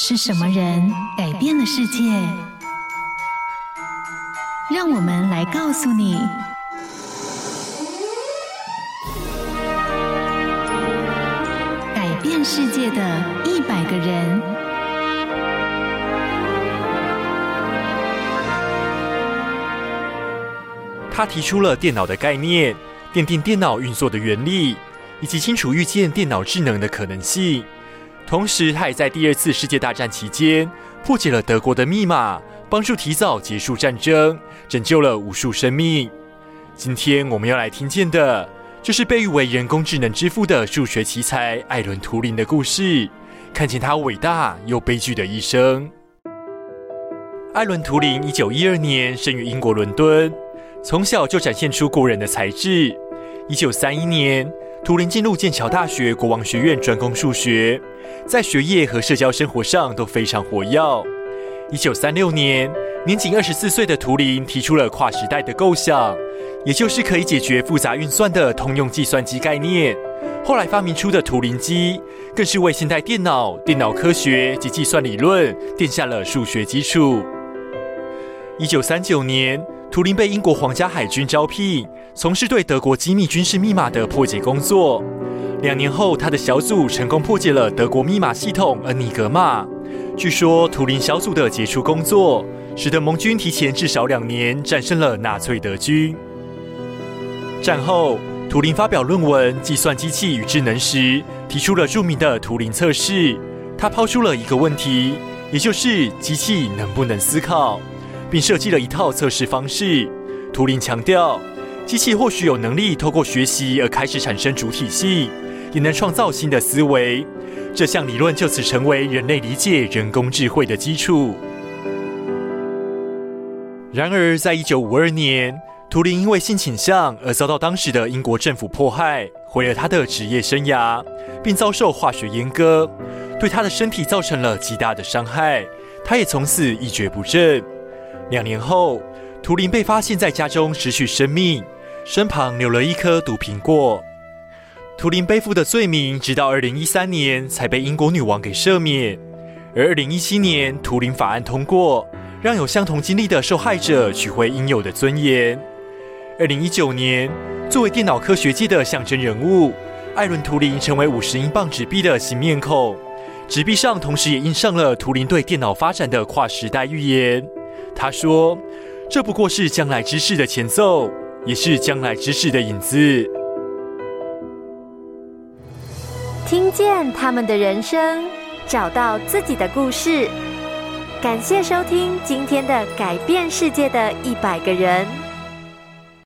是什麼人改變了世界？讓我們來告訴你：改變世界的一百個人。他提出了電腦的概念，奠定電腦運作的原理，以及清楚預見電腦智能的可能性。同時，他也在第二次世界大戰期間破解了德國的密碼，幫助提早結束戰爭，拯救了無數生命。今天我們要來聽見的，就是被譽為人工智能之父的數學奇才艾倫·圖靈的故事，看見他偉大又悲劇的一生。艾倫·圖靈，一九一二年生於英國倫敦，從小就展現出過人的才智。一九三一年。圖靈進入劍橋大學國王學院，專攻數學，在學業和社交生活上都非常活躍。一九三六年，年僅二十四歲的圖靈提出了跨時代的構想，也就是可以解決複雜運算的通用計算機概念。後來發明出的圖靈機，更是為現代電腦、電腦科學及計算理論奠下了數學基礎。一九三九年。圖靈被英國皇家海軍招聘，從事對德國機密軍事密碼的破解工作。兩年後，他的小組成功破解了德國密碼系統恩尼格瑪。據說，圖靈小組的傑出工作，使得盟軍提前至少兩年戰勝了納粹德軍。戰後，圖靈發表論文《計算機器與智能》時，提出了著名的圖靈測試。他拋出了一個問題，也就是機器能不能思考？並設計了一套測試方式。圖靈強調，機器或許有能力透過學習而開始產生主體性，也能創造新的思維。這項理論就此成為人類理解人工智慧的基礎。然而，在一九五二年，圖靈因為性傾向而遭到當時的英國政府迫害，毀了他的職業生涯，並遭受化學閹割，對他的身體造成了極大的傷害，他也從此一蹶不振。兩年後，圖靈被發現在家中失去生命，身旁留了一顆毒蘋果。圖靈背負的罪名，直到二零一三年才被英國女王給赦免。而二零一七年，圖靈法案通過，讓有相同經歷的受害者取回應有的尊嚴。二零一九年，作為電腦科學界的象徵人物，艾倫圖靈成為五十英鎊紙幣的新面孔。紙幣上同時也印上了圖靈對電腦發展的跨時代預言。他說：“這不過是將來之事的前奏，也是將來之事的影子。”聽見他們的人生，找到自己的故事。感謝收聽今天的《改變世界的一百個人》。